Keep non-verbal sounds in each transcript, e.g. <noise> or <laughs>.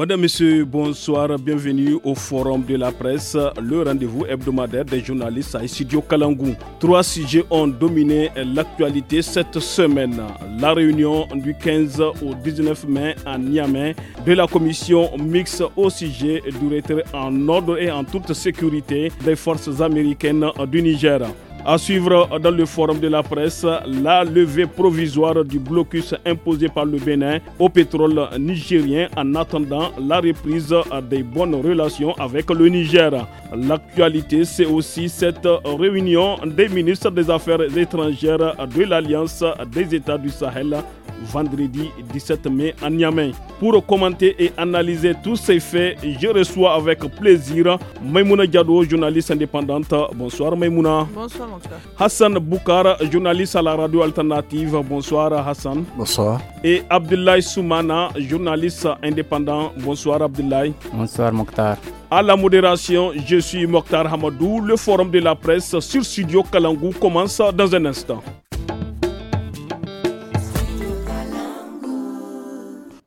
Madame, Messieurs, bonsoir, bienvenue au Forum de la presse, le rendez-vous hebdomadaire des journalistes à Isidio Kalangou. Trois sujets ont dominé l'actualité cette semaine. La réunion du 15 au 19 mai à Niamey de la commission mixte au sujet du retrait en ordre et en toute sécurité des forces américaines du Niger. À suivre dans le forum de la presse, la levée provisoire du blocus imposé par le Bénin au pétrole nigérien en attendant la reprise des bonnes relations avec le Niger. L'actualité, c'est aussi cette réunion des ministres des Affaires étrangères de l'Alliance des États du Sahel vendredi 17 mai à Niamey. Pour commenter et analyser tous ces faits, je reçois avec plaisir Maimouna Diado, journaliste indépendante. Bonsoir Maimouna. Bonsoir Hassan Boukar, journaliste à la radio alternative. Bonsoir Hassan. Bonsoir. Et Abdoulaye Soumana, journaliste indépendant. Bonsoir Abdoulaye. Bonsoir Mokhtar. À la modération, je suis Mokhtar Hamadou. Le forum de la presse sur Studio Kalangou commence dans un instant.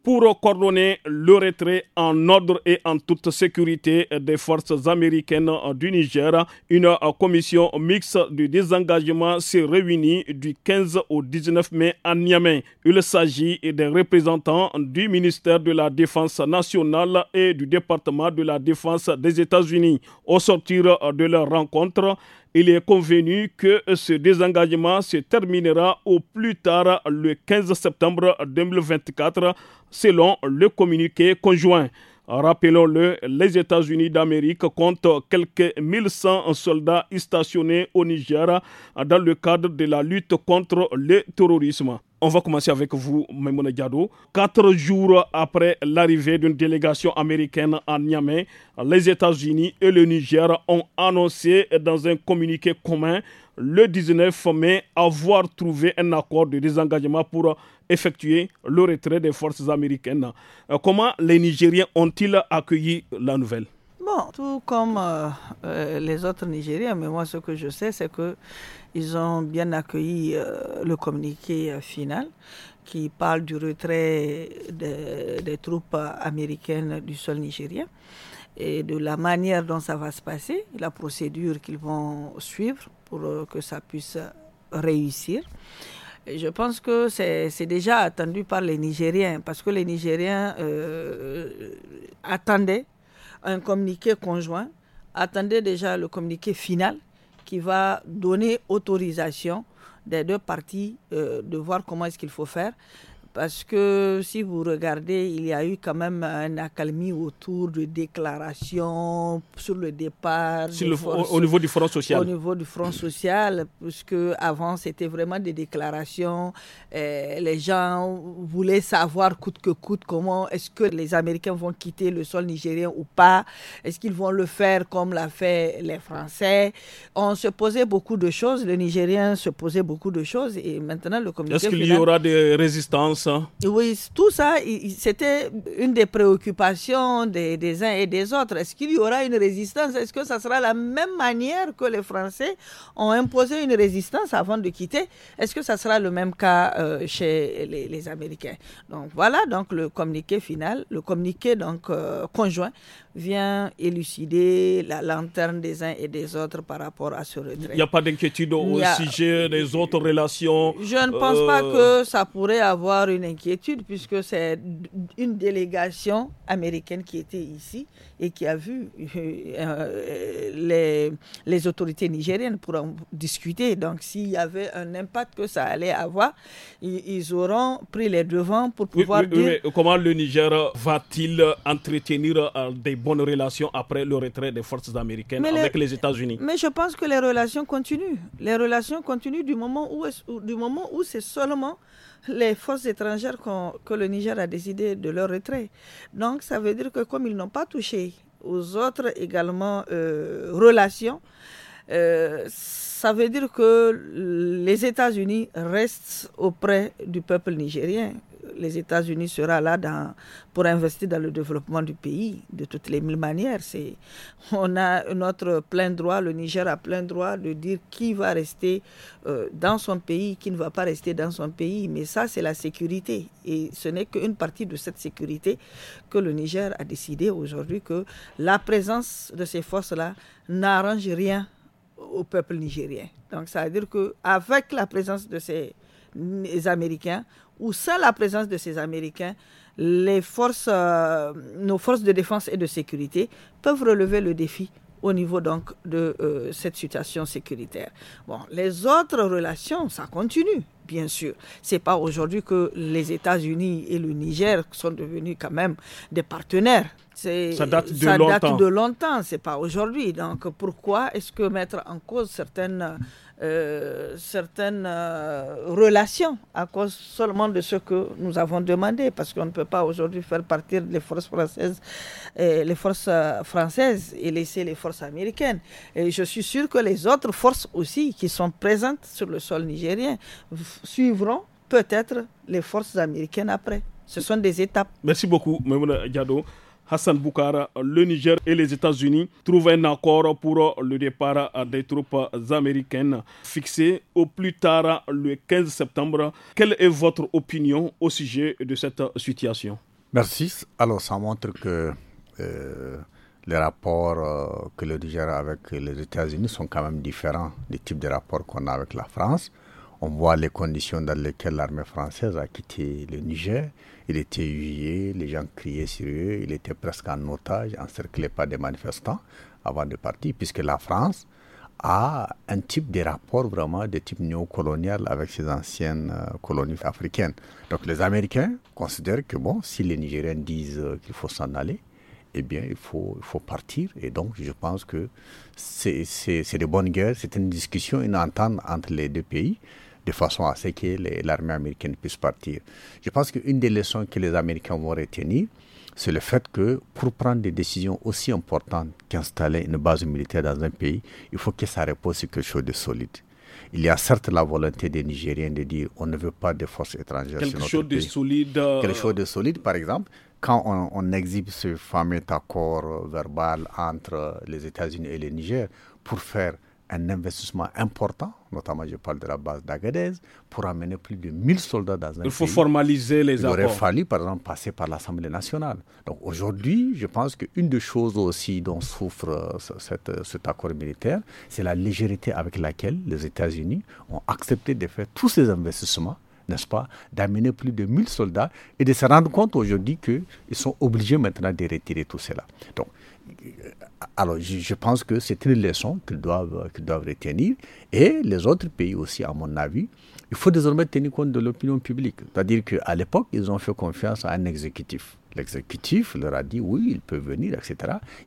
pour coordonner le retrait en ordre et en toute sécurité des forces américaines du Niger. Une euh, commission mixte du désengagement s'est réunie du 15 au 19 mai à Niamey. Il s'agit des représentants du ministère de la Défense nationale et du département de la Défense des États-Unis. Au sortir de leur rencontre, il est convenu que ce désengagement se terminera au plus tard le 15 septembre 2024 selon le communiqué conjoint. Rappelons-le, les États-Unis d'Amérique comptent quelques 1100 soldats stationnés au Niger dans le cadre de la lutte contre le terrorisme. On va commencer avec vous, Maimouna Diado. Quatre jours après l'arrivée d'une délégation américaine à Niamey, les États-Unis et le Niger ont annoncé dans un communiqué commun le 19 mai avoir trouvé un accord de désengagement pour effectuer le retrait des forces américaines. Comment les Nigériens ont-ils accueilli la nouvelle Bon, tout comme euh, euh, les autres Nigériens, mais moi ce que je sais, c'est que ont bien accueilli euh, le communiqué final qui parle du retrait des troupes américaines du sol nigérien et de la manière dont ça va se passer, la procédure qu'ils vont suivre pour que ça puisse réussir. je pense que c'est déjà attendu par les Nigériens, parce que les Nigériens attendaient un communiqué conjoint. Attendez déjà le communiqué final qui va donner autorisation des deux parties euh, de voir comment est-ce qu'il faut faire. Parce que si vous regardez, il y a eu quand même un accalmie autour de déclarations sur le départ. au, niveau du Front Social. Au niveau du Front Social, puisque avant c'était vraiment des déclarations. Euh, les gens voulaient savoir coûte que coûte comment est-ce que les Américains vont quitter le sol nigérien ou pas. Est-ce qu'ils vont le faire comme l'a fait les Français On se posait beaucoup de choses. Le Nigérien se posait beaucoup de choses et maintenant le Est-ce qu'il y aura des résistances oui, tout ça, c'était une des préoccupations des, uns et des autres. Est-ce qu'il y aura une résistance Est-ce que ça sera la même manière que les Français ont imposé une résistance avant de quitter Est-ce que ça sera le même cas euh, chez les, Américains Donc voilà donc le communiqué final, le communiqué donc euh, conjoint vient élucider la lanterne des uns et des autres par rapport à ce retrait. Il n'y a pas d'inquiétude au sujet des autres relations. Je ne pense pas euh, que ça pourrait avoir une inquiétude puisque c'est une délégation américaine qui était ici et qui a vu euh, euh, les, autorités nigériennes pour en discuter. Donc, s'il y avait un impact que ça allait avoir, ils, auront pris les devants pour pouvoir dire... comment le Niger va-t-il entretenir euh, des bonnes relations après le retrait des forces américaines avec les, États-Unis Mais je pense que les relations continuent. Les relations continuent du moment où, est du moment où c'est seulement les forces étrangères que le Niger a décidé de leur retrait. Donc ça veut dire que comme ils n'ont pas touché aux autres également euh, relations, euh, ça veut dire que les États-Unis restent auprès du peuple nigérien. Les États-Unis sera là pour investir dans le développement du pays de toutes les mille manières. C'est, on a notre plein droit, le Niger a plein droit de dire qui va rester euh, dans son pays, qui ne va pas rester dans son pays. Mais ça, c'est la sécurité. Et ce n'est qu'une partie de cette sécurité que le Niger a décidé aujourd'hui que la présence de ces forces-là n'arrange rien au peuple nigérien. Donc, ça veut dire qu'avec la présence de ces Américains, ou sans la présence de ces Américains, les forces, euh, nos forces de défense et de sécurité peuvent relever le défi au niveau donc de euh, cette situation sécuritaire. Bon, les autres relations, ça continue bien sûr. C'est pas aujourd'hui que les États-Unis et le Niger sont devenus quand même des partenaires. Ça date de ça Date de longtemps, c'est pas aujourd'hui. Donc pourquoi est-ce que mettre en cause certaines euh, certaines euh, relations à cause seulement de ce que nous avons demandé, parce qu'on ne peut pas aujourd'hui faire partir les forces françaises, et euh, les forces françaises et laisser les forces américaines. Et je suis sûr que les autres forces aussi qui sont présentes sur le sol nigérien suivront peut-être les forces américaines après. Ce sont des étapes. Merci beaucoup, Mme Diado. Hassan Boukara, le Niger et les États-Unis trouvent un accord pour le départ des troupes américaines fixé au plus tard le 15 septembre. Quelle est votre opinion au sujet de cette situation Merci. Alors ça montre que euh, les rapports euh, que le Niger a avec les États-Unis sont quand même différents des types de rapports qu'on a avec la France. On voit les conditions dans lesquelles l'armée française a quitté le Niger il était huillé, les gens criaient sur eux, il était presque en otage, encerclé par des manifestants avant de partir, puisque la France a un type de rapport vraiment de type néocolonial avec ses anciennes euh, colonies africaines. Donc les Américains considèrent que bon, si les Nigériens disent euh, qu'il faut s'en aller, eh bien, il faut, il faut partir. Et donc, je pense que c'est de bonnes guerres, c'est une discussion, une entente entre les deux pays de façon à ce que l'armée américaine puisse partir. Je pense qu'une des leçons que les Américains vont retenir, c'est le fait que pour prendre des décisions aussi importantes qu'installer une base militaire dans un pays, il faut que ça repose sur quelque chose de solide. Il y a certes la volonté des Nigériens de dire on ne veut pas de forces étrangères. Quelque sur notre chose de solide. Euh, quelque chose de solide, par exemple. Quand on, on exhibe ce fameux accord euh, verbal entre euh, les États-Unis et le Niger pour faire un investissement important, notamment je parle de la base d'Agadez, pour amener plus de 1000 soldats dans un Il faut formaliser les accords. Il aurait fallu, par exemple, passer par l'Assemblée nationale. Donc aujourd'hui, je pense qu'une des choses aussi dont souffre euh, cette, euh, cet accord militaire, c'est la légèreté avec laquelle les États-Unis ont accepté de faire tous ces investissements n'est-ce pas, d'amener plus de 1000 soldats et de se rendre compte aujourd'hui qu'ils sont obligés maintenant de retirer tout cela. Donc, alors, je, pense que c'est une leçon qu'ils doivent, qu'ils retenir. Et les autres pays aussi, à mon avis, il faut désormais tenir compte de l'opinion publique. C'est-à-dire qu'à l'époque, ils ont fait confiance à un exécutif. L'exécutif leur a dit oui, il peut venir, etc.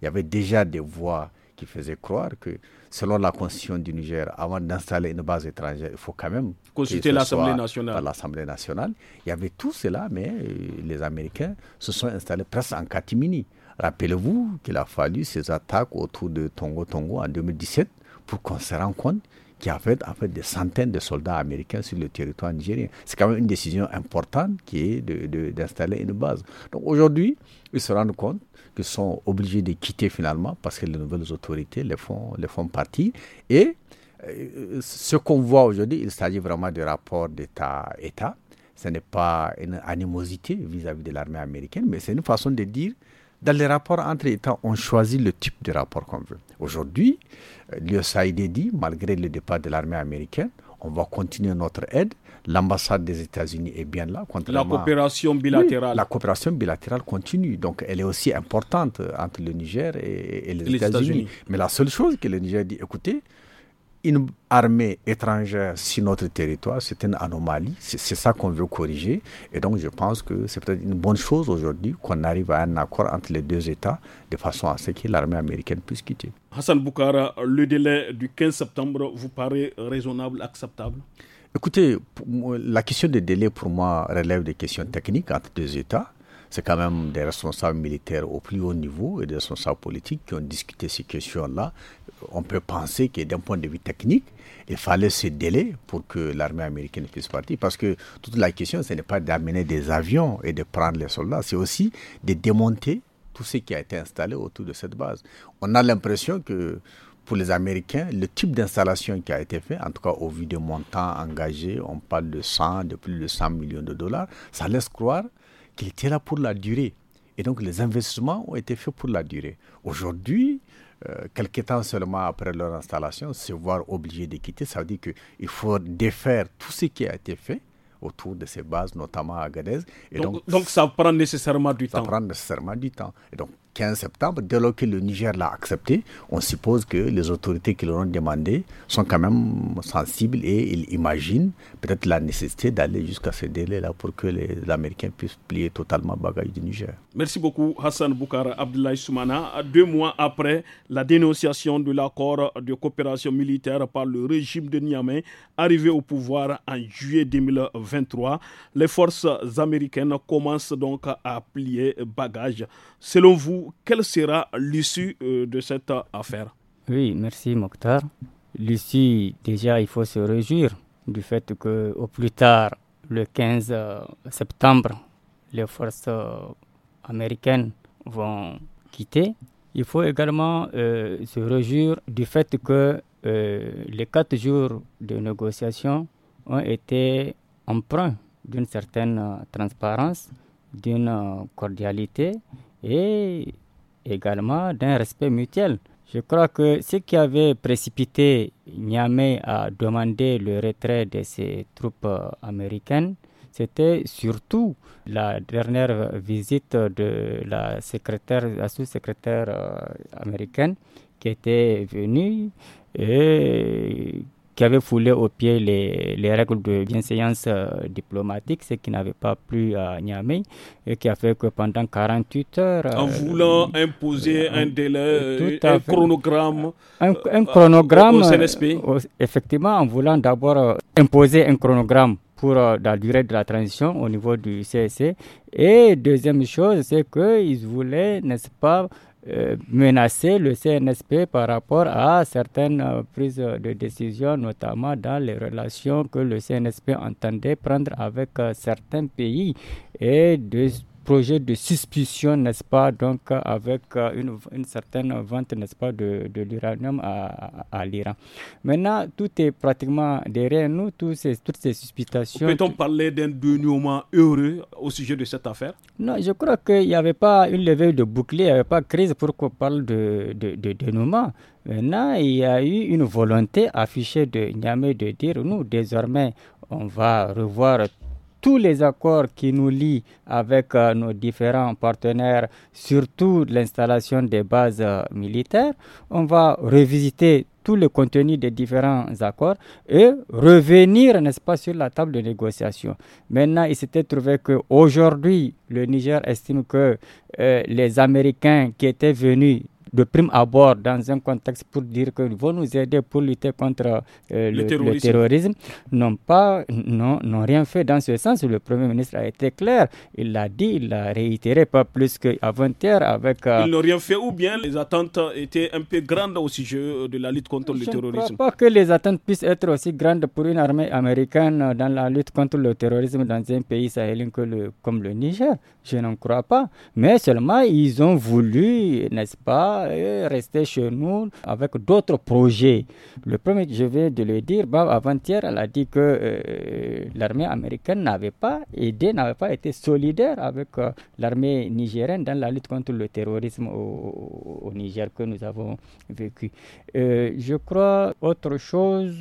Il y avait déjà des voix qui faisaient croire que, selon la constitution du Niger, avant d'installer une base étrangère, il faut quand même consulter l'Assemblée nationale. L'Assemblée nationale, il y avait tout cela, mais euh, les Américains se sont installés presque en catimini. Rappelez-vous qu'il a fallu ces attaques autour de Tongo Tongo en 2017 pour qu'on se rende compte qu'il y avait en fait des centaines de soldats américains sur le territoire nigérien. C'est quand même une décision importante qui est d'installer de, une base. Donc aujourd'hui, ils se rendent compte qu'ils sont obligés de quitter finalement parce que les nouvelles autorités les font, les font partir. Et euh, ce qu'on voit aujourd'hui, il s'agit vraiment de rapport d'État-État. Ce n'est pas une animosité vis à -vis de l'armée américaine, mais c'est une façon de dire dans les rapports entre États, on choisit le type de rapport qu'on veut. Aujourd'hui, l'USAID dit, malgré le départ de l'armée américaine, on va continuer notre aide. L'ambassade des États-Unis est bien là. La coopération bilatérale. la coopération bilatérale continue. Donc, elle est aussi importante entre le Niger et, les, États-Unis. Mais la seule chose que le Niger dit, écoutez, une armée étrangère sur notre territoire, c'est une anomalie. C'est ça qu'on veut corriger. Et donc, je pense que c'est peut-être une bonne chose aujourd'hui qu'on arrive à un accord entre les deux États de façon à ce que l'armée américaine puisse quitter. Hassan Boukara, le délai du 15 septembre vous paraît raisonnable, acceptable Écoutez, la question des délais, pour moi, relève des questions techniques entre deux États c'est quand même des responsables militaires au plus haut niveau et des responsables politiques qui ont discuté ces questions-là. On peut penser que d'un point de vue technique, il fallait ce délai pour que l'armée américaine puisse partir. Parce que toute la question, ce n'est pas d'amener des avions et de prendre les soldats, c'est aussi de démonter tout ce qui a été installé autour de cette base. On a l'impression que pour les Américains, le type d'installation qui a été fait, en tout cas au vu des montants engagés, on parle de 100, de plus de 100 millions de dollars, ça laisse croire qu'il était là pour la durée. Et donc les investissements ont été faits pour la durée. Aujourd'hui, euh, quelques temps seulement après leur installation, se voir obligés de quitter, ça veut dire qu'il faut défaire tout ce qui a été fait autour de ces bases, notamment à Gadez. Et donc, donc, ça prend nécessairement du temps. Ça prend nécessairement du temps. Et donc 15 septembre, dès lors que le Niger l'a accepté, on suppose que les autorités qui l'ont demandé sont quand même sensibles et ils imaginent peut-être la nécessité d'aller jusqu'à ce délai-là pour que les Américains puissent plier totalement bagage du Niger. Merci beaucoup Hassan Boukara Abdoulaye Soumana. Deux mois après la dénonciation de l'accord de coopération militaire par le régime de Niamey, arrivé au pouvoir en juillet 2023, les forces américaines commencent donc à plier bagage Selon vous, quelle sera l'issue euh, de cette euh, affaire Oui, merci Mokhtar. L'issue, déjà, il faut se réjouir du fait que au plus tard, le 15 euh, septembre, les forces américaines vont quitter. Il faut également se réjouir du fait que les quatre jours de négociation ont été empreints d'une certaine transparence, d'une cordialité et également d'un respect mutuel. Je crois que ce qui avait précipité Niamey à demander le retrait de ses troupes euh, américaines, c'était surtout la dernière visite de la secrétaire, sous-secrétaire euh, américaine qui était venue et qui avait foulé au pied les, règles de bienséance euh, diplomatique, ce qui n'avait pas plu à Niamey, et qui a fait que pendant 48 heures... en euh, voulant imposer un délai, euh, un chronogramme, un, chronogramme... Effectivement, en voulant d'abord imposer un chronogramme pour la durée de la transition au niveau du CSC. E. Et deuxième chose, c'est qu'ils voulaient, n'est-ce pas, euh, menacer le CNSP par rapport à certaines euh, prises de décision, notamment dans les relations que le CNSP entendait prendre avec euh, certains pays et de projet de suspicion, n'est-ce pas, donc avec euh, une, certaine vente, n'est-ce pas, de, l'uranium à, l'Iran. Maintenant, tout est pratiquement derrière nous, toutes ces suspicions. Peut-on parler d'un dénouement heureux au sujet de cette affaire Non, je crois qu'il n'y avait pas une levée de bouclier, il n'y avait pas de crise pour qu'on parle de, de dénouement. Maintenant, il y a eu une volonté affichée de Niamey de dire, nous, désormais, on va revoir tous les accords qui nous lient avec euh, nos différents partenaires, surtout l'installation des bases euh, militaires. On va revisiter tout le contenu des différents accords et revenir, n'est-ce pas, sur la table de négociation. Maintenant, il s'était trouvé qu'aujourd'hui, le Niger estime que euh, les Américains qui étaient venus de prime abord dans un contexte pour dire qu'ils vont nous aider pour lutter contre euh, le, terrorisme, n'ont pas n'ont rien fait dans ce sens. Le Premier ministre a été clair, il l'a dit, il l'a réitéré pas plus qu'avant-hier avec. Euh, ils n'ont rien fait ou bien les attentes étaient un peu grandes au sujet de la lutte contre le terrorisme. Je ne crois pas que les attentes puissent être aussi grandes pour une armée américaine dans la lutte contre le terrorisme dans un pays sahélien que le, comme le Niger. Je n'en crois pas. Mais seulement ils ont voulu, n'est-ce pas? rester chez nous avec d'autres projets. Le premier, je vais de le dire, avant-hier, elle a dit que euh, l'armée américaine n'avait pas aidé, n'avait pas été solidaire avec euh, l'armée nigérienne dans la lutte contre le terrorisme au, Niger que nous avons vécu. Euh, je crois autre chose,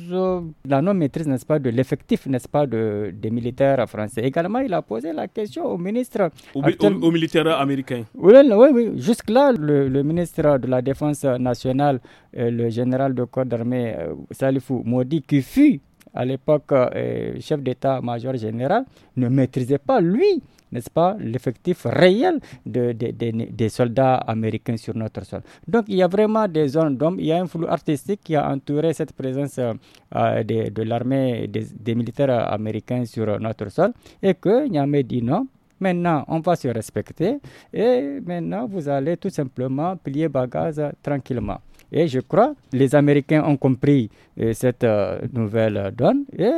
la non-maîtrise, n'est-ce pas, de l'effectif, n'est-ce pas, de, des militaires français. Également, il a posé la question au ministre. Au, militaires américains. militaire américain. Oui, oui, oui. Jusque-là, le ministre de la Défense nationale, euh, le général de corps d'armée euh, Salifou Maudit, qui fut à l'époque euh, chef d'état-major général, ne maîtrisait pas, lui, n'est-ce pas, l'effectif réel des soldats américains sur notre sol. Donc il y a vraiment des zones d'hommes, il y a un flou artistique qui a entouré cette présence de, l'armée, des, militaires américains sur notre sol, et que Niamey dit non, Maintenant, on va se respecter et maintenant, vous allez tout simplement plier bagage tranquillement. Et je crois les Américains ont compris euh, cette euh, nouvelle donne et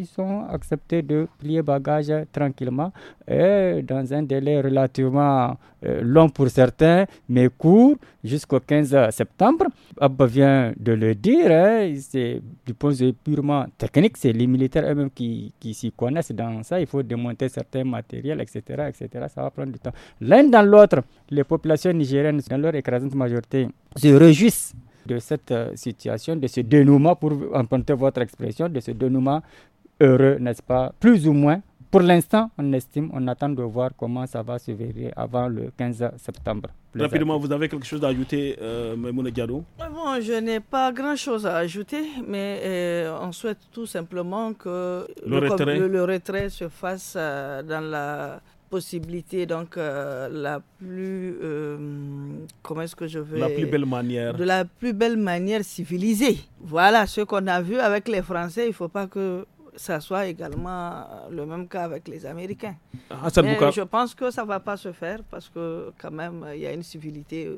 ils ont accepté de plier bagage tranquillement et dans un délai relativement euh, long pour certains, mais court jusqu'au 15 septembre. Abba vient de le dire, hein, c'est du point de vue purement technique, c'est les militaires eux-mêmes qui, s'y connaissent dans ça. Il faut démonter certains matériels, etc., etc. Ça va prendre du temps. L'un dans l'autre, les populations nigériennes, dans leur écrasante majorité, se réjouissent de cette euh, situation, de ce dénouement, pour emprunter votre expression, de ce dénouement heureux, n'est-ce pas, plus ou moins pour l'instant, on estime, on attend de voir comment ça va se vérifier avant le 15 septembre. Rapidement, vous avez quelque chose à ajouter, euh, Bon, je n'ai pas grand-chose à ajouter, mais euh, on souhaite tout simplement que le, retrait. se fasse euh, dans la possibilité donc euh, la plus comment est-ce que je veux la plus belle manière de la plus belle manière civilisée voilà ce qu'on a vu avec les français il ne faut pas que ça soit également euh, le même cas avec les Américains. Ah, Mais je pense que ça ne va pas se faire parce que quand même, il y a une civilité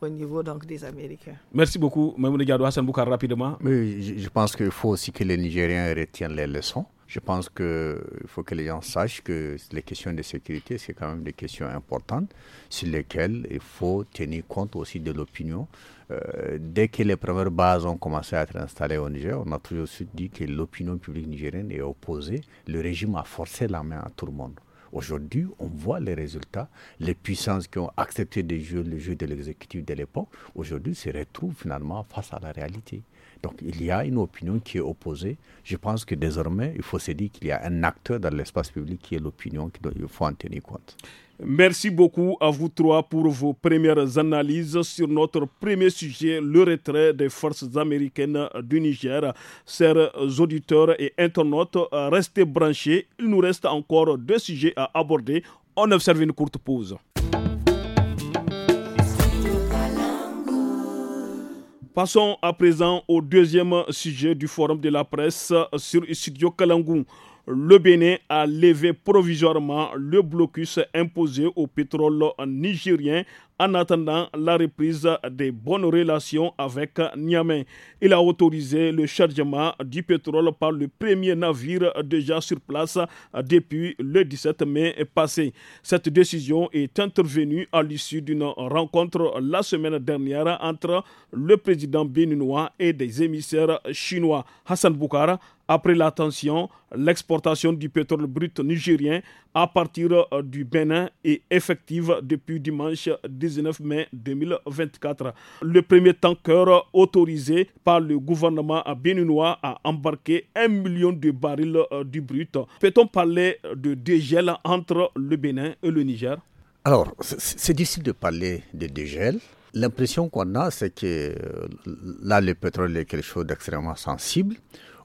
au, <laughs> niveau donc, des Américains. Merci beaucoup, Mme Hassan Boukar, rapidement. Mais je, je pense qu'il faut aussi que les Nigériens retiennent les leçons. Je pense qu'il faut que les gens sachent que les questions de sécurité, c'est quand même des questions importantes sur lesquelles il faut tenir compte aussi de l'opinion. Euh, dès que les premières bases ont commencé à être installées au Niger, on a toujours dit que l'opinion publique nigérienne est opposée. Le régime a forcé la main à tout le monde. Aujourd'hui, on voit les résultats. Les puissances qui ont accepté de jouer le jeu de l'exécutif de l'époque, aujourd'hui, se retrouvent finalement face à la réalité. Donc il y a une opinion qui est opposée. Je pense que désormais, il faut se dire qu'il y a un acteur dans l'espace public qui est l'opinion, il faut en tenir compte. Merci beaucoup à vous trois pour vos premières analyses sur notre premier sujet, le retrait des forces américaines du Niger. Chers auditeurs et internautes, restez branchés. Il nous reste encore deux sujets à aborder. On observe une courte pause. Passons à présent au deuxième sujet du forum de la presse sur Studio Kalangou le Bénin a levé provisoirement le blocus imposé au pétrole nigérien en attendant la reprise des bonnes relations avec Niamey. Il a autorisé le chargement du pétrole par le premier navire déjà sur place depuis le 17 mai passé. Cette décision est intervenue à l'issue d'une rencontre la semaine dernière entre le président béninois et des émissaires chinois. Hassan Boukara après l'attention, l'exportation du pétrole brut nigérien à partir euh, du Bénin est effective depuis dimanche 19 mai 2024. Le premier tanker autorisé par le gouvernement béninois a embarqué un million de barils euh, du brut. Peut-on parler de dégel entre le Bénin et le Niger Alors, c'est difficile de parler de dégel. L'impression qu'on a, c'est que euh, là, le pétrole est quelque chose d'extrêmement sensible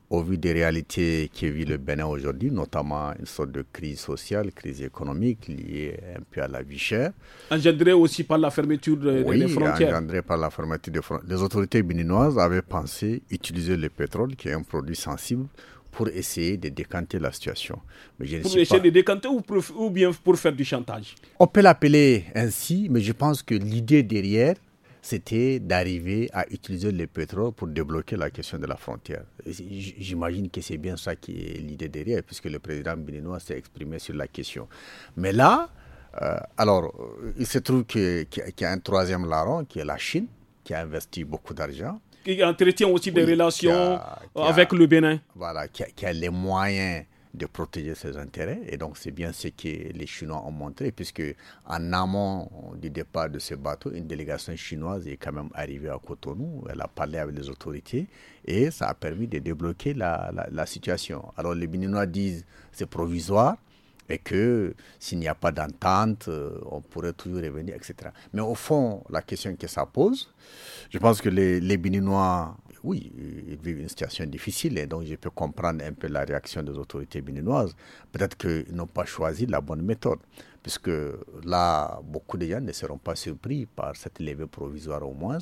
au vu des réalités qui vit le Bénin aujourd'hui, notamment une sorte de crise sociale, crise économique liée un peu à la vie chère. Engendrée aussi par la fermeture des frontières. par la fermeture des frontières. Les autorités béninoises avaient pensé utiliser le pétrole, qui est un produit sensible, pour essayer de décanter la situation. Mais je pour essayer de décanter ou bien pour faire du chantage On peut l'appeler ainsi, mais je pense que l'idée derrière, c'était d'arriver à utiliser le pétrole pour débloquer la question de la frontière. J'imagine que c'est bien ça qui est l'idée derrière, puisque le président béninois s'est exprimé sur la question. Mais là, euh, alors, euh, il se trouve qu'il y a un troisième larron, qui est la Chine, qui a investi beaucoup d'argent. Qui entretient aussi des relations avec le Bénin. Voilà, qui a les moyens de protéger ses intérêts. Et donc, c'est bien ce que les Chinois ont montré, puisque en amont du départ de ce bateau, une délégation chinoise est quand même arrivée à Cotonou. Elle a parlé avec les autorités et ça a permis de débloquer la, situation. Alors, les Béninois disent c'est provisoire et que s'il n'y a pas d'entente, euh, on pourrait toujours revenir, etc. Mais au fond, la question que ça pose, je pense que les, les Béninois oui, ils vivent une situation difficile et donc je peux comprendre un peu la réaction des autorités béninoises. Peut-être qu'ils n'ont pas choisi la bonne méthode, puisque là, beaucoup de gens ne seront pas surpris par cette levée provisoire au moins,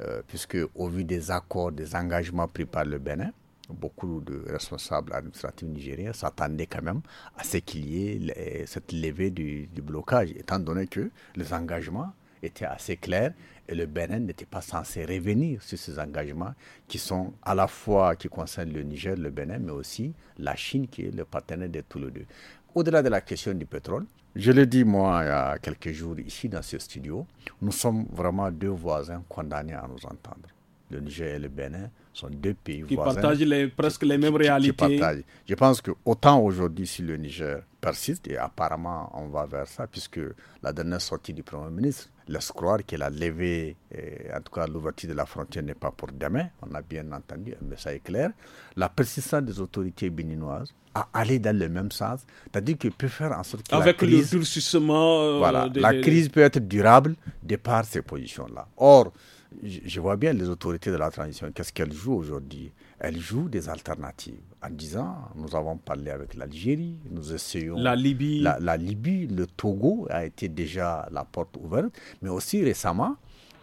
euh, puisque au vu des accords, des engagements pris par le Bénin, beaucoup de responsables administratifs nigériens s'attendaient quand même à ce qu'il y ait cette levée du blocage, étant donné que les engagements était assez clair et le Bénin n'était pas censé revenir sur ses engagements qui sont à la fois qui concernent le Niger, le Bénin, mais aussi la Chine qui est le partenaire de tous les deux. Au-delà de la question du pétrole, je l'ai dit moi il y a quelques jours ici dans ce studio, nous sommes vraiment deux voisins condamnés à nous entendre. Le Niger et le Bénin sont deux pays qui Partagent presque les mêmes réalités. Je pense que autant aujourd'hui si le Niger persiste, et apparemment on va vers ça, puisque la dernière sortie du Premier ministre croire qu'elle a levé, euh, en tout cas l'ouverture de la frontière n'est pas pour demain, on a bien entendu mais ça est clair, la persistance des autorités béninoises à aller dans le même sens, c'est-à-dire qu'ils peut faire en sorte que Avec la crise, le euh, voilà, la crise peut être durable de par ces positions-là. Or, je vois bien les autorités de la transition, qu'est-ce qu'elles jouent aujourd'hui elle joue des alternatives en disant nous avons parlé avec l'Algérie, nous essayons. La Libye. La, Libye, le Togo a été déjà la porte ouverte, mais aussi récemment,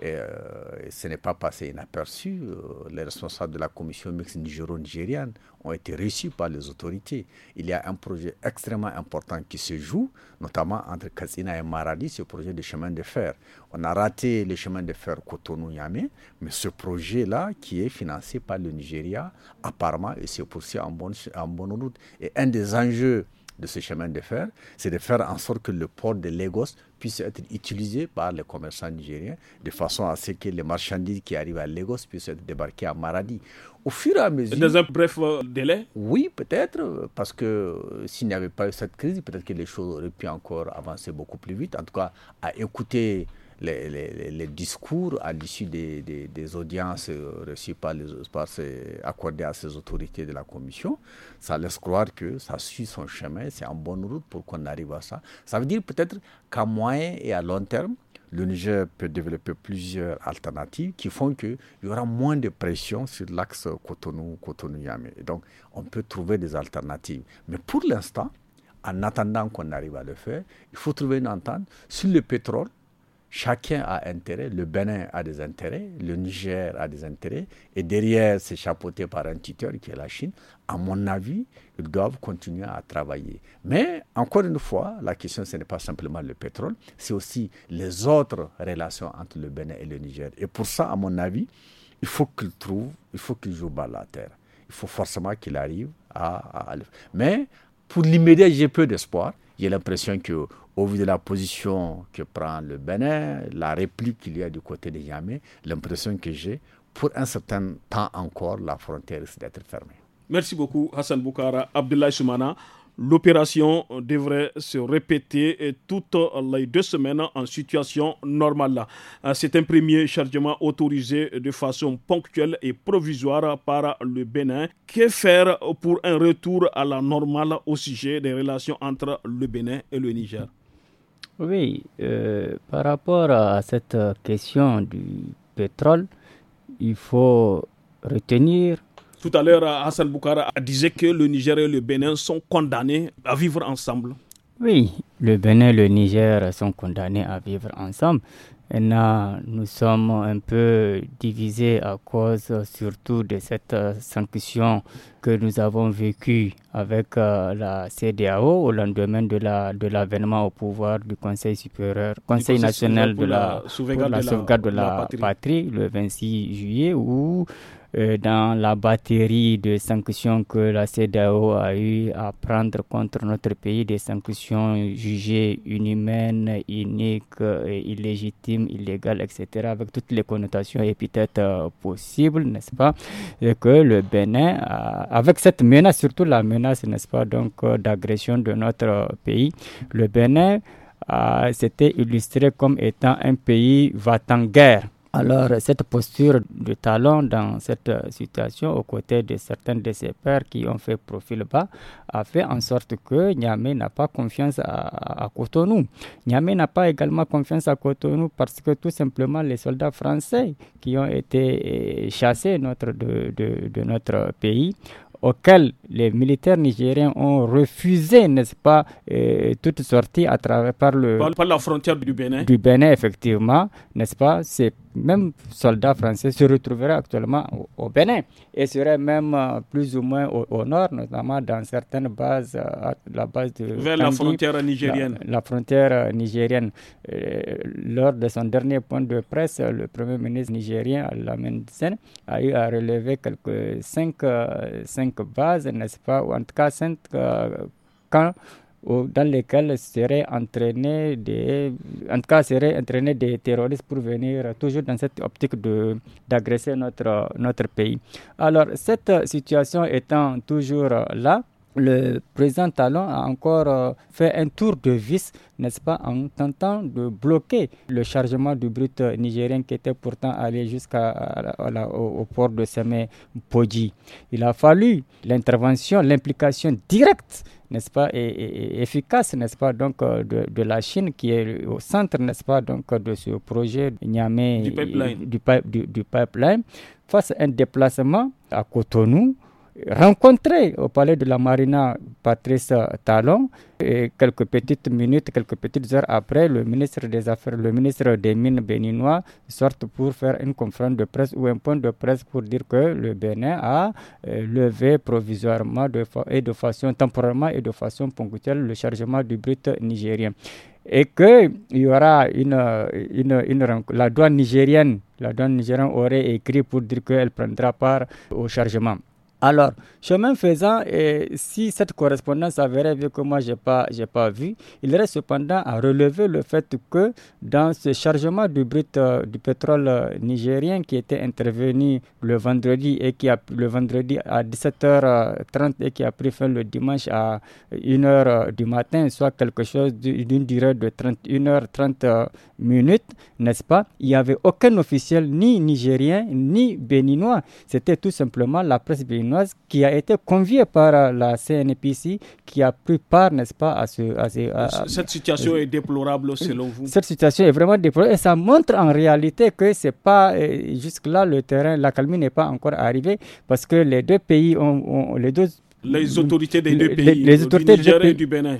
euh, et, ce n'est pas passé inaperçu. Euh, les responsables de la commission mixte nigéro-nigériane ont été reçus par les autorités. Il y a un projet extrêmement important qui se joue, notamment entre Katsina et Maradi, ce projet de chemin de fer. On a raté le chemin de fer Cotonou-Yamé, mais ce projet-là, qui est financé par le Nigeria, apparemment, il se poursuit en bonne, en bonne route. Et un des enjeux de ce chemin de fer, c'est de faire en sorte que le port de Lagos puisse être utilisé par les commerçants nigériens de façon à ce que les marchandises qui arrivent à Lagos puissent être débarquées à Maradi. Au fur et à mesure. Dans un bref délai Oui, peut-être, parce que euh, s'il n'y avait pas eu cette crise, peut-être que les choses auraient pu encore avancer beaucoup plus vite. En tout cas, à écouter les, discours à l'issue des, audiences reçues par les, par ces, accordées à ces autorités de la Commission, ça laisse croire que ça suit son chemin, c'est en bonne route pour qu'on arrive à ça. Ça veut dire peut-être qu'à moyen et à long terme, le Niger peut développer plusieurs alternatives qui font qu'il y aura moins de pression sur l'axe Cotonou-Cotonou-Yamé. Donc, on peut trouver des alternatives. Mais pour l'instant, en attendant qu'on arrive à le faire, il faut trouver une entente sur le pétrole Chacun a intérêt, le Bénin a des intérêts, le Niger a des intérêts, et derrière, c'est chapeauté par un tuteur qui est la Chine. À mon avis, ils doivent continuer à travailler. Mais encore une fois, la question, ce n'est pas simplement le pétrole, c'est aussi les autres relations entre le Bénin et le Niger. Et pour ça, à mon avis, il faut qu'ils trouvent, il faut qu'ils jouent bas la terre. Il faut forcément qu'il arrive à, à... Mais pour l'immédiat, j'ai peu d'espoir. J'ai l'impression que au vu de la position que prend le Bénin, la réplique qu'il y a du côté de Yamé, l'impression que j'ai, pour un certain temps encore, la frontière risque d'être fermée. Merci beaucoup, Hassan Boukara. Abdoulaye Soumana, l'opération devrait se répéter toutes les deux semaines en situation normale. C'est un premier chargement autorisé de façon ponctuelle et provisoire par le Bénin. Que faire pour un retour à la normale au sujet des relations entre le Bénin et le Niger oui, euh, par rapport à cette question du pétrole, il faut retenir tout à l'heure, Hassan Boukara disait que le Niger et le Bénin sont condamnés à vivre ensemble. Oui, le Bénin et le Niger sont condamnés à vivre ensemble nous sommes un peu divisés à cause surtout de cette euh, sanction que nous avons vécue avec euh, la CDAO au lendemain de la de l'avènement au pouvoir du Conseil supérieur, Conseil, national de la, sauvegarde de la, patrie. patrie. le 26 juillet où euh, dans la batterie de sanctions que la CDAO a eu à prendre contre notre pays, des sanctions jugées inhumaines, iniques, euh, illégitimes, illégales, etc., avec toutes les connotations et épithètes euh, possibles, n'est-ce pas que le Bénin, avec cette menace, surtout la menace, n'est-ce pas, donc d'agression de notre pays, le Bénin s'était illustré comme étant un pays va-t-en-guerre alors, cette posture de talon dans cette situation, aux côtés de certains de ses pairs qui ont fait profil bas, a fait en sorte que Niamey n'a pas confiance à, Cotonou. Niamey n'a pas également confiance à Cotonou parce que tout simplement les soldats français qui ont été eh, chassés notre, de, de notre pays auxquels les militaires nigériens ont refusé, n'est-ce pas, euh, toute sortie à travers par le par, la frontière du Bénin. Du Bénin, effectivement, n'est-ce pas Ces mêmes soldats français se retrouveraient actuellement au, Bénin et seraient même euh, plus ou moins au, nord, notamment dans certaines bases, euh, la base de vers la frontière nigérienne. La, frontière nigérienne. lors de son dernier point de presse, le premier ministre nigérien Lamine Sen a eu à relever quelques cinq, cinq base n'est-ce pas, ou en tout cas euh, camps dans lesquels seraient entraînés des, en tout cas seraient entraînés des terroristes pour venir toujours dans cette optique de d'agresser notre notre pays. Alors cette situation étant toujours là, le président Talon a encore euh, fait un tour de vis, n'est-ce pas, en tentant de bloquer le chargement du brut euh, nigérien qui était pourtant allé jusqu'à euh, au, port de Semé Podji. Il a fallu l'intervention, l'implication directe n'est-ce pas, et, efficace, n'est-ce pas, donc de, la Chine qui est au centre, n'est-ce pas, donc de ce projet Niamey du pipeline. Du, du pipeline face à un déplacement à Cotonou rencontré au palais de la Marina Patrice Talon. Et quelques petites minutes, quelques petites heures après, le ministre des Affaires, le ministre des Mines béninois sort pour faire une conférence de presse ou un point de presse pour dire que le Bénin a euh, levé provisoirement de et de façon temporairement et de façon ponctuelle le chargement du brut nigérien et que il y aura une, une, la douane nigérienne, la douane nigérienne aurait écrit pour dire qu'elle prendra part au chargement. Alors, chemin faisant, et si cette correspondance avait vu que moi, je n'ai pas, pas vu, il reste cependant à relever le fait que dans ce chargement du brut euh, du pétrole euh, nigérien qui était intervenu le vendredi et qui a le vendredi à 17h30 et qui a pris fin le dimanche à 1h euh, du matin, soit quelque chose d'une durée de 1 h 30 minutes, n'est-ce pas Il n'y avait aucun officiel, ni nigérien, ni béninois. C'était tout simplement la presse béninoise qui a été convié par la CNPC, qui a pris part, n'est-ce pas, à ce... cette situation est déplorable selon vous Cette situation est vraiment déplorable et ça montre en réalité que c'est pas... Euh, jusque-là, le terrain, la calme n'est pas encore arrivée parce que les deux pays ont, les deux les autorités des deux pays, les, les autorités du Niger et du Bénin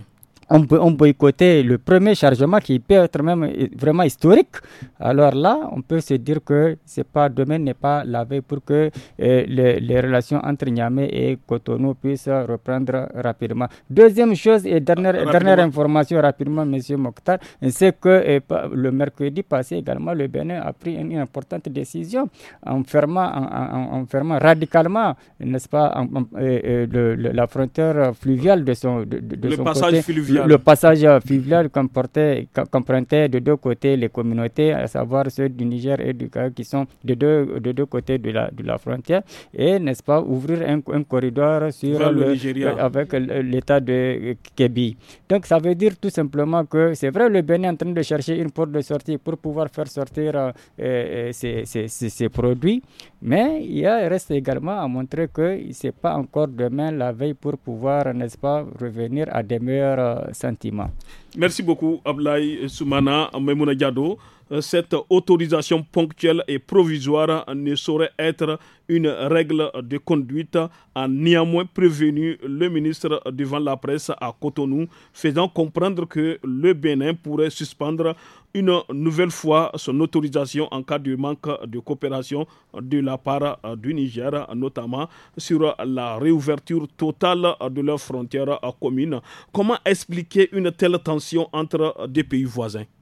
on, on boycottait le premier chargement qui peut être même vraiment historique. Alors là, on peut se dire que c'est pas demain, n'est pas lavé pour que euh, les, relations entre Niamey et Cotonou puissent reprendre rapidement. Deuxième chose et dernière, ah, dernière information rapidement, Monsieur Mokhtar, c'est que euh, le mercredi passé également, le Bénin a pris une, importante décision en fermant, en, radicalement, n'est-ce pas, euh, la frontière fluviale de son, de, le son passage côté. Fluvial le passage fluvial comportait, comprenait de deux côtés les communautés, à savoir ceux du Niger et du CAE qui sont de deux, de deux côtés de la, de la frontière, et n'est-ce pas, ouvrir un, un corridor sur le, avec l'État de Kébi. Donc ça veut dire tout simplement que c'est vrai, le Bénin est en train de chercher une porte de sortie pour pouvoir faire sortir ses euh, euh, ces produits. Mais il reste également à montrer que ce n'est pas encore demain la veille pour pouvoir, n'est-ce pas, revenir à des meilleurs euh, sentiments. Merci beaucoup, Ablaï Soumana Memouna Diado. Euh, cette autorisation ponctuelle et provisoire ne saurait être une règle de conduite, a néanmoins prévenu le ministre devant la presse à Cotonou, faisant comprendre que le Bénin pourrait suspendre une nouvelle fois son autorisation en cas de manque de coopération de la part du Niger, notamment sur la réouverture totale de leurs frontières communes. Comment expliquer une telle tension entre des pays voisins <laughs>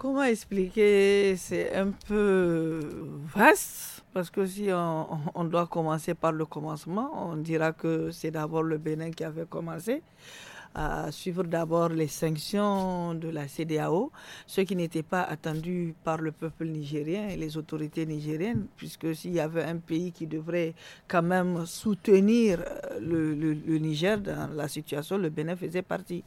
Comment expliquer C'est un peu vaste, parce que si on, doit commencer par le commencement, on dira que c'est d'abord le Bénin qui avait commencé à suivre d'abord les sanctions de la CDAO, ce qui n'était pas attendu par le peuple nigérien et les autorités nigériennes, puisque s'il y avait un pays qui devrait quand même soutenir euh, le, Niger dans la situation, le Bénin faisait partie.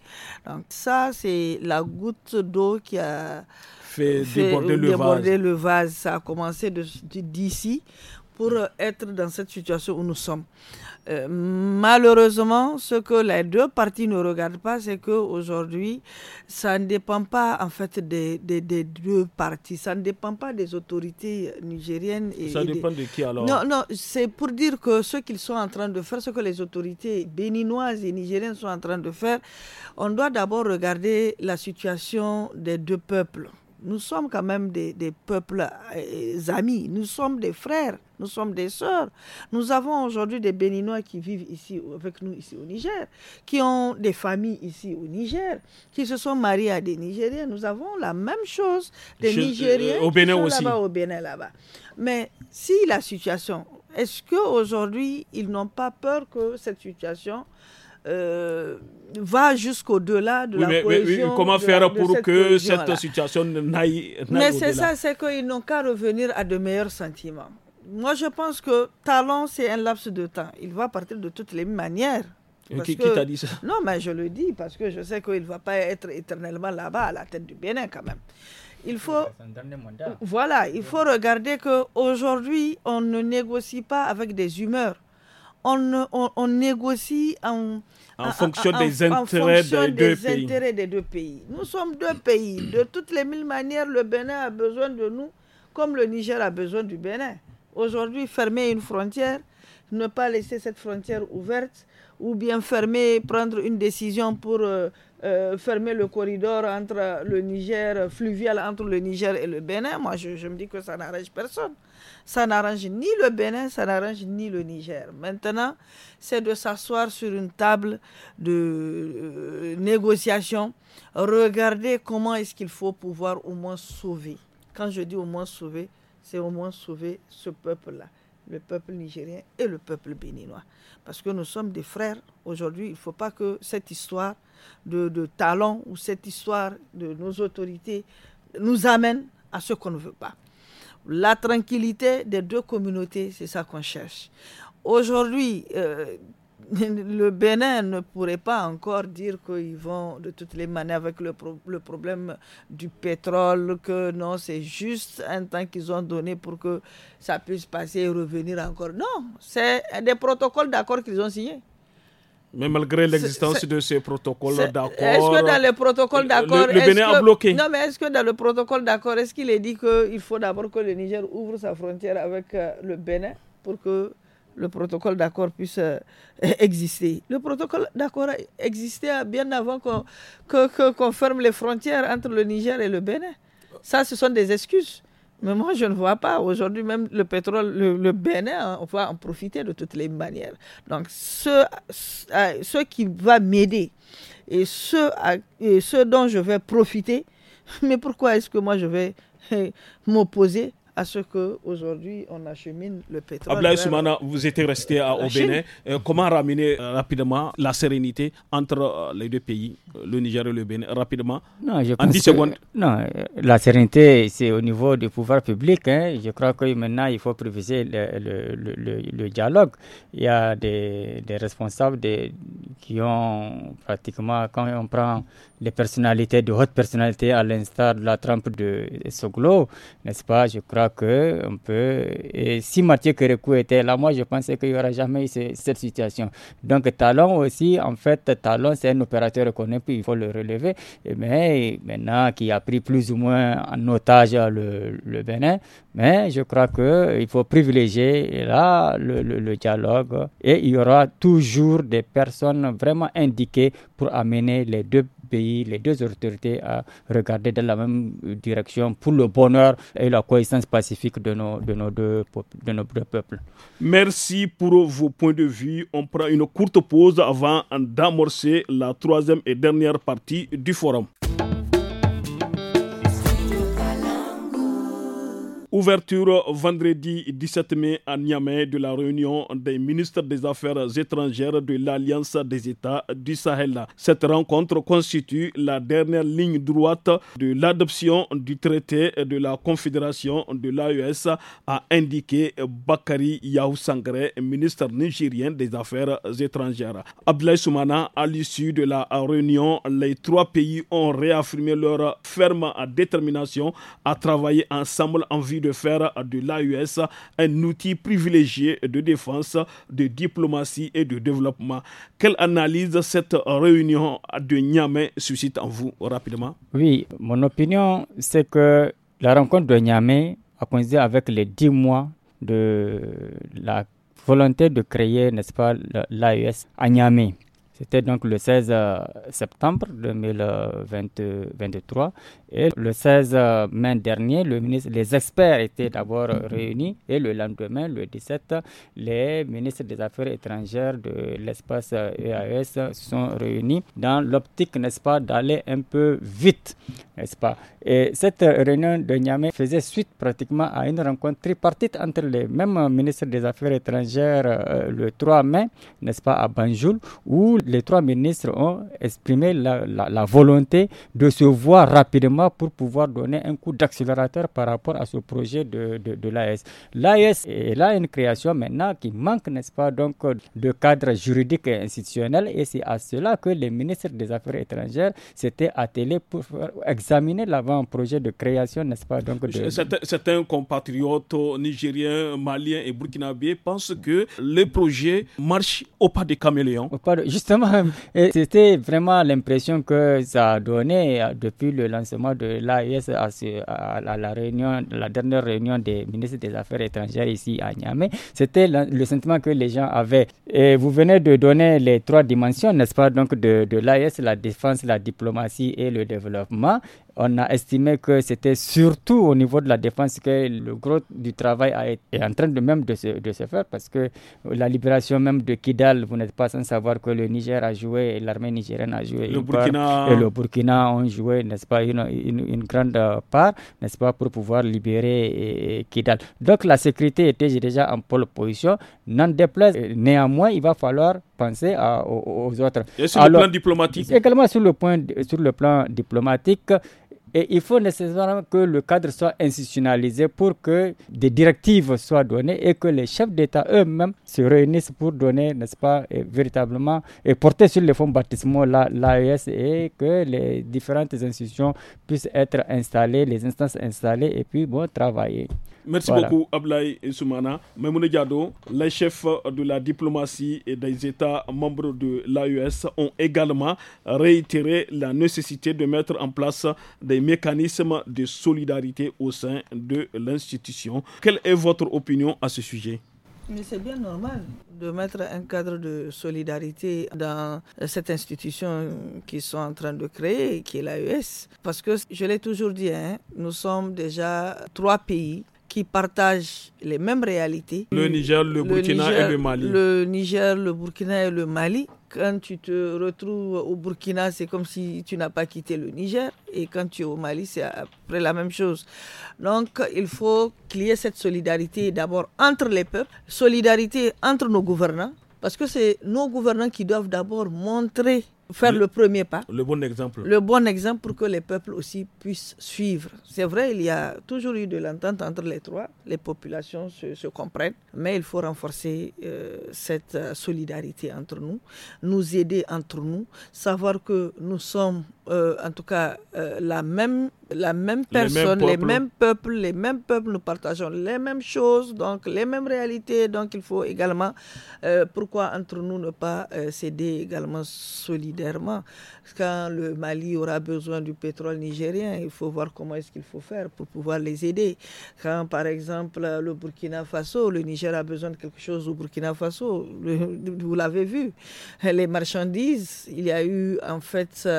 Donc ça, c'est la goutte d'eau qui a fait, déborder, le, vase. le vase. Ça a commencé d'ici pour euh, être dans cette situation où nous sommes. Euh, malheureusement, ce que les deux parties ne regardent pas, c'est que aujourd'hui, ça ne dépend pas en fait des, deux parties, ça ne dépend pas des autorités nigériennes. Et, ça dépend de qui alors Non, non, c'est pour dire que ce qu'ils sont en train de faire, ce que les autorités béninoises et nigériennes sont en train de faire, on doit d'abord regarder la situation des deux peuples nous sommes quand même des, peuples euh, amis, nous sommes des frères, nous sommes des sœurs. Nous avons aujourd'hui des Béninois qui vivent ici avec nous ici au Niger, qui ont des familles ici au Niger, qui se sont mariés à des Nigériens. Nous avons la même chose des euh, Nigériens au Bénin qui là-bas au Bénin là-bas. Mais si la situation, est-ce que aujourd'hui ils n'ont pas peur que cette situation euh, va jusqu'au-delà de la comment faire pour que cette situation n'aille Mais c'est ça, c'est qu'ils n'ont qu'à revenir à de meilleurs sentiments. Moi, je pense que talent, c'est un laps de temps. Il va partir de toutes les manières. qui, t'a dit ça Non, mais je le dis parce que je sais qu'il ne va pas être éternellement là-bas, à la tête du Bénin quand même. Il faut, voilà, il faut regarder qu'aujourd'hui, on ne négocie pas avec des humeurs on, négocie en, fonction, des, intérêts des, deux pays. Nous sommes deux pays. De toutes les mille manières, le Bénin a besoin de nous comme le Niger a besoin du Bénin. Aujourd'hui, fermer une frontière, ne pas laisser cette frontière ouverte, ou bien fermer, prendre une décision pour euh, euh, fermer le corridor entre le Niger, fluvial entre le Niger et le Bénin, moi je, me dis que ça n'arrête personne. Ça n'arrange ni le Bénin, ça n'arrange ni le Niger. Maintenant, c'est de s'asseoir sur une table de euh, négociation, regarder comment est-ce qu'il faut pouvoir au moins sauver. Quand je dis au moins sauver, c'est au moins sauver ce peuple-là, le peuple nigérien et le peuple béninois. Parce que nous sommes des frères. Aujourd'hui, il ne faut pas que cette histoire de, talent ou cette histoire de nos autorités nous amène à ce qu'on ne veut pas la tranquillité des deux communautés, c'est ça qu'on cherche. Aujourd'hui, euh, <laughs> le Bénin ne pourrait pas encore dire qu'ils vont de toutes les manières avec le, le problème du pétrole, que non, c'est juste un temps qu'ils ont donné pour que ça puisse passer et revenir encore. Non, c'est des protocoles d'accord qu'ils ont signés. Mais malgré l'existence de ces protocoles d'accord. Est-ce que dans les protocoles d'accord. Le, Bénin a bloqué. Non, mais est-ce que dans le protocole d'accord, est-ce qu'il est dit qu'il faut d'abord que le Niger ouvre sa frontière avec euh, le Bénin pour que le protocole d'accord puisse euh, <laughs> exister. Le protocole d'accord existait bien avant qu'on que ferme les frontières entre le Niger et le Bénin. Ça, ce sont des excuses. Mais moi, je ne vois pas. Aujourd'hui, même le pétrole, le, Bénin, hein, on va en profiter de toutes les manières. Donc, ceux euh, qui va m'aider et ceux et ce dont je vais profiter, <laughs> mais pourquoi est-ce que moi, je vais euh, m'opposer à ce qu'aujourd'hui on achemine le pétrole. Ablaï Soumana, vous étiez resté à, au Bénin. Euh, comment ramener euh, rapidement la sérénité entre euh, les deux pays, le Niger et le Bénin, rapidement non, je En 10 secondes Non, la sérénité, c'est au niveau du pouvoir public. Hein. Je crois que maintenant, il faut préviser le, le, le, dialogue. Il y a des, responsables qui ont pratiquement, quand on prend les personnalités, de hautes personnalités, à l'instar de la trempe de Soglo, n'est-ce pas Je crois que on peut. Et si Mathieu Kérékou était là, moi je pensais qu'il n'y aura jamais cette situation. Donc Talon aussi, en fait, Talon c'est un opérateur qu'on puis il faut le relever. Mais maintenant, qui a pris plus ou moins en otage le, le Bénin, mais je crois qu'il faut privilégier là le, le, le dialogue et il y aura toujours des personnes vraiment indiquées pour amener les deux pays, les deux autorités à regarder dans la même direction pour le bonheur et la cohésion pacifique de nos, de nos, deux, de nos deux peuples. Merci pour vos points de vue. On prend une courte pause avant d'amorcer la troisième et dernière partie du forum. Ouverture vendredi 17 mai à Niamey de la réunion des ministres des Affaires étrangères de l'Alliance des États du Sahel. Cette rencontre constitue la dernière ligne droite de l'adoption du traité de la Confédération de l'AES, a indiqué Bakari Yahoussangre, ministre nigérien des Affaires étrangères. Abdoulaye Soumana, à l'issue de la réunion, les trois pays ont réaffirmé leur ferme détermination à travailler ensemble en vue de faire de l'AUS un outil privilégié de défense, de diplomatie et de développement. Quelle analyse cette réunion de Niamey suscite en vous rapidement Oui, mon opinion, c'est que la rencontre de Niamey a coïncidé avec les dix mois de la volonté de créer, n'est-ce pas, l'AES à Niamey. C'était donc le 16 euh, septembre 2023. Et le 16 euh, mai dernier, les experts étaient d'abord réunis et le lendemain, le 17, les ministres des Affaires étrangères de l'espace EAS euh, e e sont réunis dans l'optique, n'est-ce pas, d'aller un peu vite, n'est-ce pas. Et cette réunion de Niamey faisait suite pratiquement à une rencontre tripartite entre les mêmes ministres des Affaires étrangères le 3 mai, n'est-ce pas, à Banjul, où les trois ministres ont exprimé la, volonté de se voir rapidement pour pouvoir donner un coup d'accélérateur par rapport à ce projet de, de, de l'AES. est là une création maintenant qui manque, n'est-ce pas, donc de cadre juridique et institutionnel et c'est à cela que les ministres des Affaires étrangères s'étaient attelés pour examiner l'avant-projet de création, n'est-ce pas, donc de... certains, certains compatriotes nigériens, maliens et burkinabés pensent que le projet marche au pas des caméléons. pas de... Juste c'était vraiment l'impression que ça a donné euh, depuis le lancement de l'AES à, la réunion, la dernière réunion des ministres des Affaires étrangères ici à Niamey. C'était le sentiment que les gens avaient. Et vous venez de donner les trois dimensions, n'est-ce pas, donc de, de la défense, la diplomatie et le développement. On a estimé que c'était surtout au niveau de la défense que le gros du travail a été, est en train de même de se, faire parce que la libération même de Kidal, vous n'êtes pas sans savoir que le Niger a joué l'armée nigérienne a joué. Le Burkina. et le Burkina ont joué, n'est-ce pas, une, grande euh, part, n'est-ce pas, pour pouvoir libérer Kidal. Donc la sécurité était déjà en pole position. N'en déplaise, néanmoins, il va falloir penser aux, autres. Et sur le plan diplomatique Également sur le, point, sur le plan diplomatique. Et il faut nécessairement que le cadre soit institutionnalisé pour que des directives soient données et que les chefs d'État eux-mêmes se réunissent pour donner, n'est-ce pas, véritablement, et porter sur les fonds baptismaux l'AES et que les différentes institutions puissent être installées, les instances installées et puis, bon, travailler. Merci beaucoup, Ablaï Soumana. Memoune Diado, les chefs de la diplomatie et des États membres de l'AES ont également réitéré la nécessité de mettre en place des mécanismes de solidarité au sein de l'institution. Quelle est votre opinion à ce sujet mais c'est bien normal de mettre un cadre de solidarité dans cette institution qu'ils sont en train de créer, qui est l'AES. Parce que, je l'ai toujours dit, hein, nous sommes déjà trois pays qui partagent les mêmes réalités. Le Niger, le, Burkina et le Mali. Le Niger, le Burkina et le Mali. Quand tu te retrouves au Burkina, c'est comme si tu n'as pas quitté le Niger. Et quand tu es au Mali, c'est après la même chose. Donc, il faut qu'il y ait cette solidarité d'abord entre les peuples, solidarité entre nos gouvernants, parce que c'est nos gouvernants qui doivent d'abord montrer faire le, premier pas. Le bon exemple. Le bon exemple pour que les peuples aussi puissent suivre. C'est vrai, il y a toujours eu de l'entente entre les trois. Les populations se, comprennent, mais il faut renforcer euh, cette euh, solidarité entre nous, nous aider entre nous, savoir que nous sommes euh, en tout cas, euh, la, même, la même personne, les mêmes, peuples, les mêmes peuples, nous partageons les mêmes choses, donc les mêmes réalités. Donc il faut également, euh, pourquoi entre nous ne pas s'aider également solidairement Quand le Mali aura besoin du pétrole nigérien, il faut voir comment est-ce qu'il faut faire pour pouvoir les aider. Quand par exemple le Burkina Faso, le Niger a besoin de quelque chose au Burkina Faso, vous l'avez vu, les marchandises, il y a eu en fait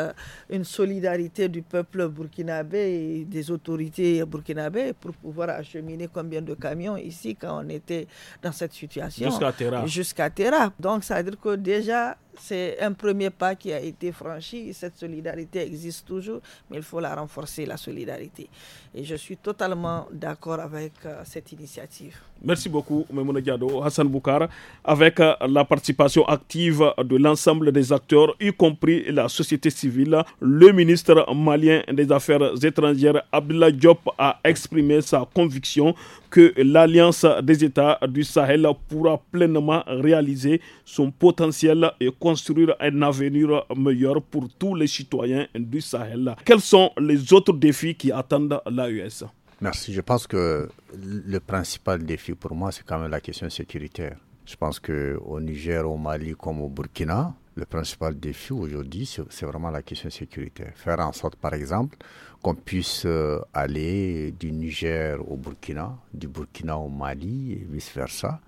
une solidarité du peuple burkinabé et des autorités burkinabé pour pouvoir acheminer combien de camions ici quand on était dans cette situation Jusqu'à Terra. Jusqu'à Terra. Donc, ça veut dire que déjà, c'est un premier pas qui a été franchi. Cette solidarité existe toujours, mais il faut la renforcer, la solidarité. Et je suis totalement d'accord avec euh, cette initiative. Merci beaucoup, Memouna Diado, Hassan Boukar, avec euh, la participation active de l'ensemble des acteurs, y compris la société civile. Le ministre malien des Affaires étrangères, Abdullah Diop, a exprimé sa conviction que l'Alliance des États du Sahel pourra pleinement réaliser son potentiel et construire un avenir meilleur pour tous les citoyens du Sahel. Quels sont les autres défis qui attendent l'AES Merci. Je pense que le principal défi pour moi, c'est quand même la question sécuritaire. Je pense qu'au Niger, au Mali comme au Burkina, le principal défi aujourd'hui, c'est vraiment la question sécuritaire. Faire en sorte, par exemple, qu'on puisse euh, aller du Niger au Burkina, du Burkina au Mali et vice-versa.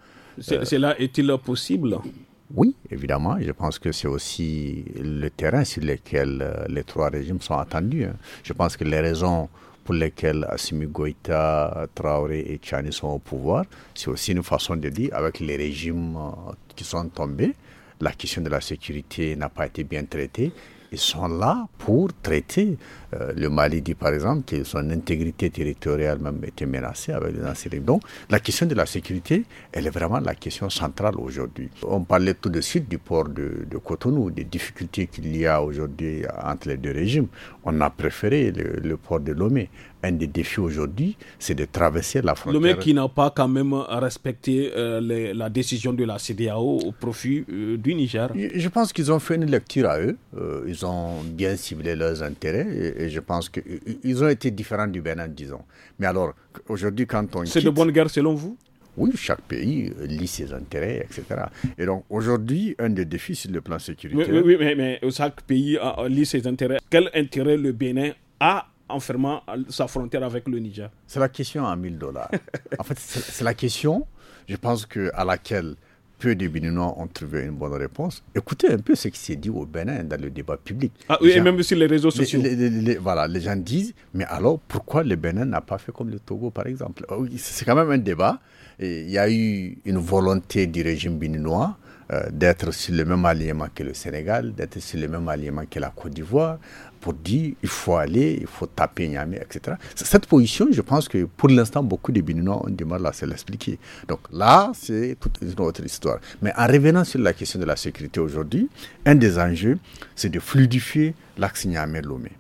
Euh, cela est-il possible Oui, évidemment. Je pense que c'est aussi le terrain sur lequel euh, les trois régimes sont attendus. Hein. Je pense que les raisons pour lesquelles Assimi Goïta, Traoré et Tchani sont au pouvoir, c'est aussi une façon de dire, avec les régimes qui sont tombés, la question de la sécurité n'a pas été bien traitée ils sont là pour traiter euh, le Mali, dit par exemple, que son intégrité territoriale même était menacée avec les Donc, la question de la sécurité, elle est vraiment la question centrale aujourd'hui. On parlait tout de suite du port de, Cotonou, des difficultés qu'il y a aujourd'hui entre les deux régimes. On a préféré le port de Lomé un des défis aujourd'hui, c'est de traverser la frontière. Le mec qui n'a pas quand même euh, respecté euh, la décision de la CDAO au profit euh, du Niger. Je pense qu'ils ont fait une lecture à eux. ils ont bien ciblé leurs intérêts et, je pense qu'ils ont été différents du Bénin, disons. Mais alors, aujourd'hui, quand on. C'est de bonne guerre selon vous oui, chaque pays lit ses intérêts, etc. Et donc aujourd'hui, un des défis sur le plan sécuritaire. Oui, oui, mais, mais, chaque pays lit ses intérêts. Quel intérêt le Bénin a en fermant sa frontière avec le Niger C'est la question à 1000 dollars. <laughs> en fait, c'est la question, je pense, que, à laquelle peu de Béninois ont trouvé une bonne réponse. Écoutez un peu ce qui s'est dit au Bénin dans le débat public. Ah oui, et même sur les réseaux sociaux. voilà, les gens disent, mais alors pourquoi le Bénin n'a pas fait comme le Togo, par exemple ah C'est quand même un débat. Il y a eu une volonté du régime béninois euh, d'être sur le même alignement que le Sénégal, d'être sur le même alignement que la Côte d'Ivoire, pour dire il faut aller, il faut taper Niamey, etc. Cette position, je pense que pour l'instant, beaucoup de Béninois ont du mal à se l'expliquer. Donc là, c'est une autre histoire. Mais en revenant sur la question de la sécurité aujourd'hui, un des enjeux, c'est de fluidifier l'axe Niamey-Lomé.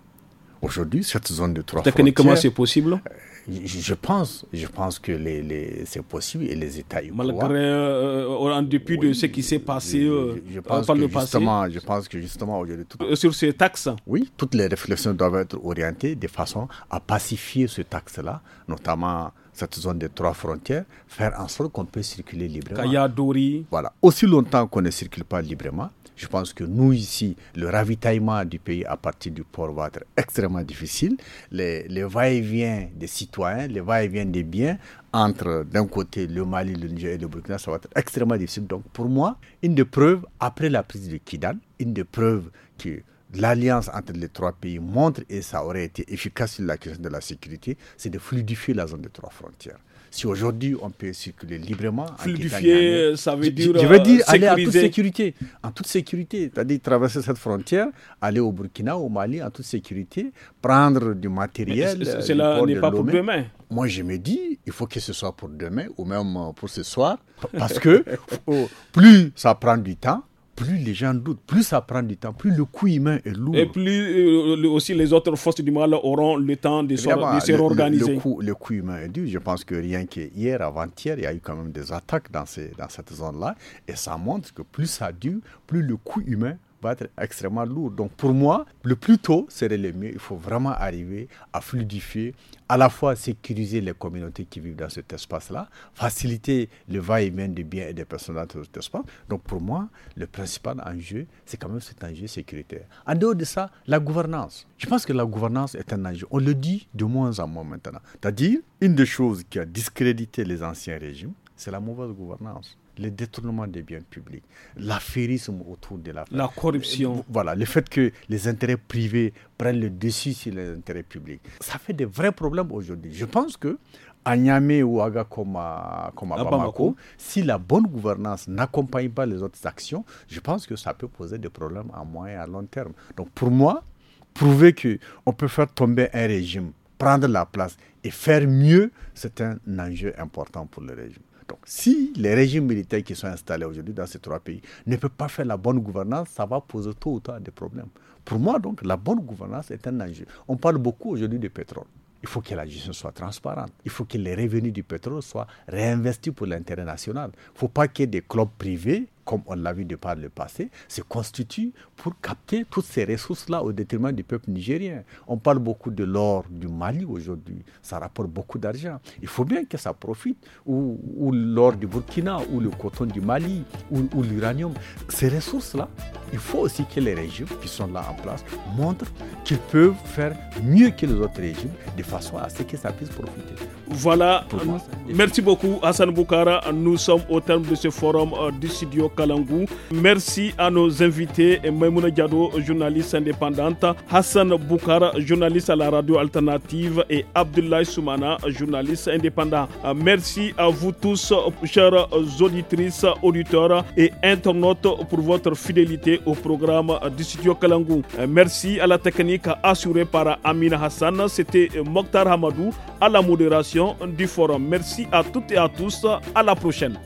Aujourd'hui, cette zone de trois Techniquement, c'est possible je pense, je pense que les, c'est possible et les États Malgré, euh, euh, en dépit de ce qui s'est passé euh, je, pense que justement, passé. Je pense que justement, tout, sur ces taxes. Oui, toutes les réflexions doivent être orientées de façon à pacifier ce taxe-là, notamment cette zone des trois frontières, faire en sorte qu'on peut circuler librement. Dori Voilà. Aussi longtemps qu'on ne circule pas librement, je pense que nous, ici, le ravitaillement du pays à partir du port va être extrêmement difficile. Les, va-et-vient des citoyens, les va-et-vient des biens entre, d'un côté, le Mali, le Niger et le Burkina, ça va être extrêmement difficile. Donc, pour moi, une des preuves, après la prise de Kidal, une des preuves que l'alliance entre les trois pays montre, et ça aurait été efficace sur la question de la sécurité, c'est de fluidifier la zone des trois frontières. Si aujourd'hui on peut circuler librement, fluidifier, euh, ça veut dire je, veux dire euh, aller en toute sécurité, en toute sécurité, c'est-à-dire traverser cette frontière, aller au Burkina, au Mali en toute sécurité, prendre du matériel. Euh, cela n'est pas pour demain. Moi, je me dis, il faut que ce soit pour demain ou même pour ce soir, parce que <laughs> oh, plus ça prend du temps, plus les gens doutent, plus ça prend du temps, plus le coût humain est lourd. Et plus euh, aussi les autres forces du mal auront le temps de, se, réorganiser. Le, coût, humain est dur. Je pense que rien qu'hier, avant-hier, il y a eu quand même des attaques dans, ces, dans cette zone-là. Et ça montre que plus ça dure, plus le coût humain être extrêmement lourd. Donc pour moi, le plus tôt serait le mieux. Il faut vraiment arriver à fluidifier, à la fois sécuriser les communautés qui vivent dans cet espace-là, faciliter le va-et-vient des biens et des personnes dans cet espace. Donc pour moi, le principal enjeu, c'est quand même cet enjeu sécuritaire. En dehors de ça, la gouvernance. Je pense que la gouvernance est un enjeu. On le dit de moins en moins maintenant. C'est-à-dire, une des choses qui a discrédité les anciens régimes, c'est la mauvaise gouvernance le détournement des biens publics, l'affairisme autour de la La corruption. Euh, voilà, le fait que les intérêts privés prennent le dessus sur les intérêts publics. Ça fait des vrais problèmes aujourd'hui. Je pense que à Niamey ou à Gakoma, comme à si la bonne gouvernance n'accompagne pas les autres actions, je pense que ça peut poser des problèmes à moyen et à long terme. Donc pour moi, prouver qu'on peut faire tomber un régime, prendre la place et faire mieux, c'est un enjeu important pour le régime. Donc, si les régimes militaires qui sont installés aujourd'hui dans ces trois pays ne peuvent pas faire la bonne gouvernance, ça va poser tout ou tard des problèmes. Pour moi, donc, la bonne gouvernance est un enjeu. On parle beaucoup aujourd'hui du pétrole. Il faut que la gestion soit transparente. Il faut que les revenus du pétrole soient réinvestis pour l'intérêt national. Il ne faut pas qu'il y ait des clubs privés comme on l'a vu de par le passé, se constitue pour capter toutes ces ressources-là au détriment du peuple nigérien. On parle beaucoup de l'or du Mali aujourd'hui, ça rapporte beaucoup d'argent. Il faut bien que ça profite, ou, l'or du Burkina, ou le coton du Mali, ou, l'uranium. Ces ressources-là, il faut aussi que les régimes qui sont là en place montrent qu'ils peuvent faire mieux que les autres régimes de façon à ce que ça puisse profiter. Voilà, merci beaucoup Hassan Boukara. Nous sommes au terme de ce forum euh, du studio Kalangou. Merci à nos invités, Maimouna Diado, journaliste indépendante, Hassan Boukar, journaliste à la radio alternative et Abdoulaye Soumana, journaliste indépendant. Merci à vous tous, chers auditrices, auditeurs et internautes pour votre fidélité au programme du studio Kalangou. Merci à la technique assurée par Amina Hassan. C'était Mokhtar Hamadou à la modération du forum. Merci à toutes et à tous. À la prochaine.